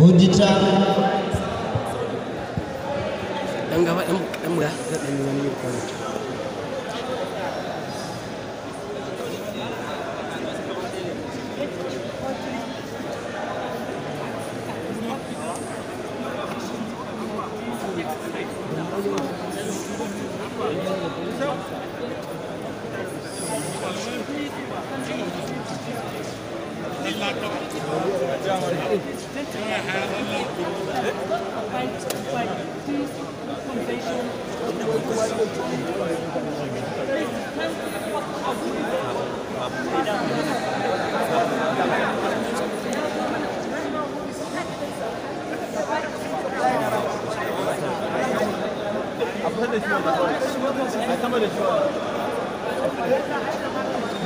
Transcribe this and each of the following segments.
hujita dan gawat dan mudah dan Center. Après les jours, d'accord. Attends-moi les jours.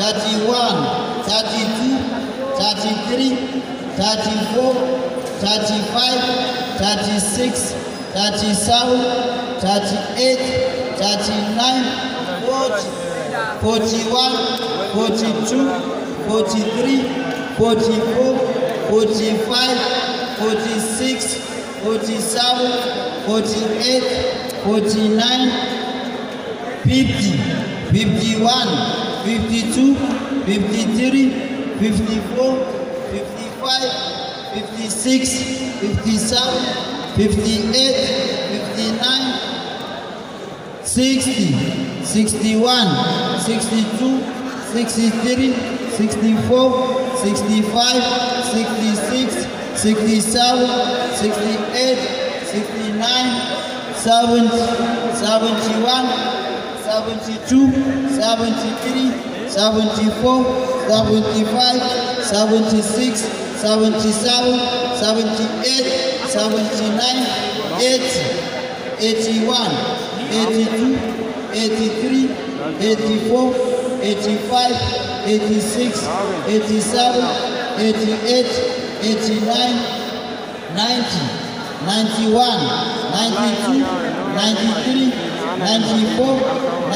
31, 32, 33, 34, 35, 36, 37, 38, 39, 40, 41, 42, 43, 44, 45, 46, 47, 48, 49, 50, 51, 52, 53, 54, 55, 56, 57, 58, 59, 60, 61, 62, 63, 64, 65, 66, 67, 68, 69, 70, 71, 72, 73, 74, 75, 76, 77, 78, 79, 80, 81, 82, 83, 84, 85, 86, 87, 88, 89, 90. 91, 92, 93, 94,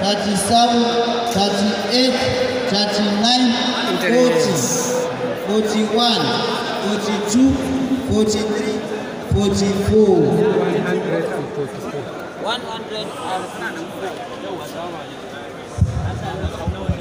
thirty-seven thirty-eight thirty-nine forty forty-one forty-two forty-three forty-four. one hundred and forty-four.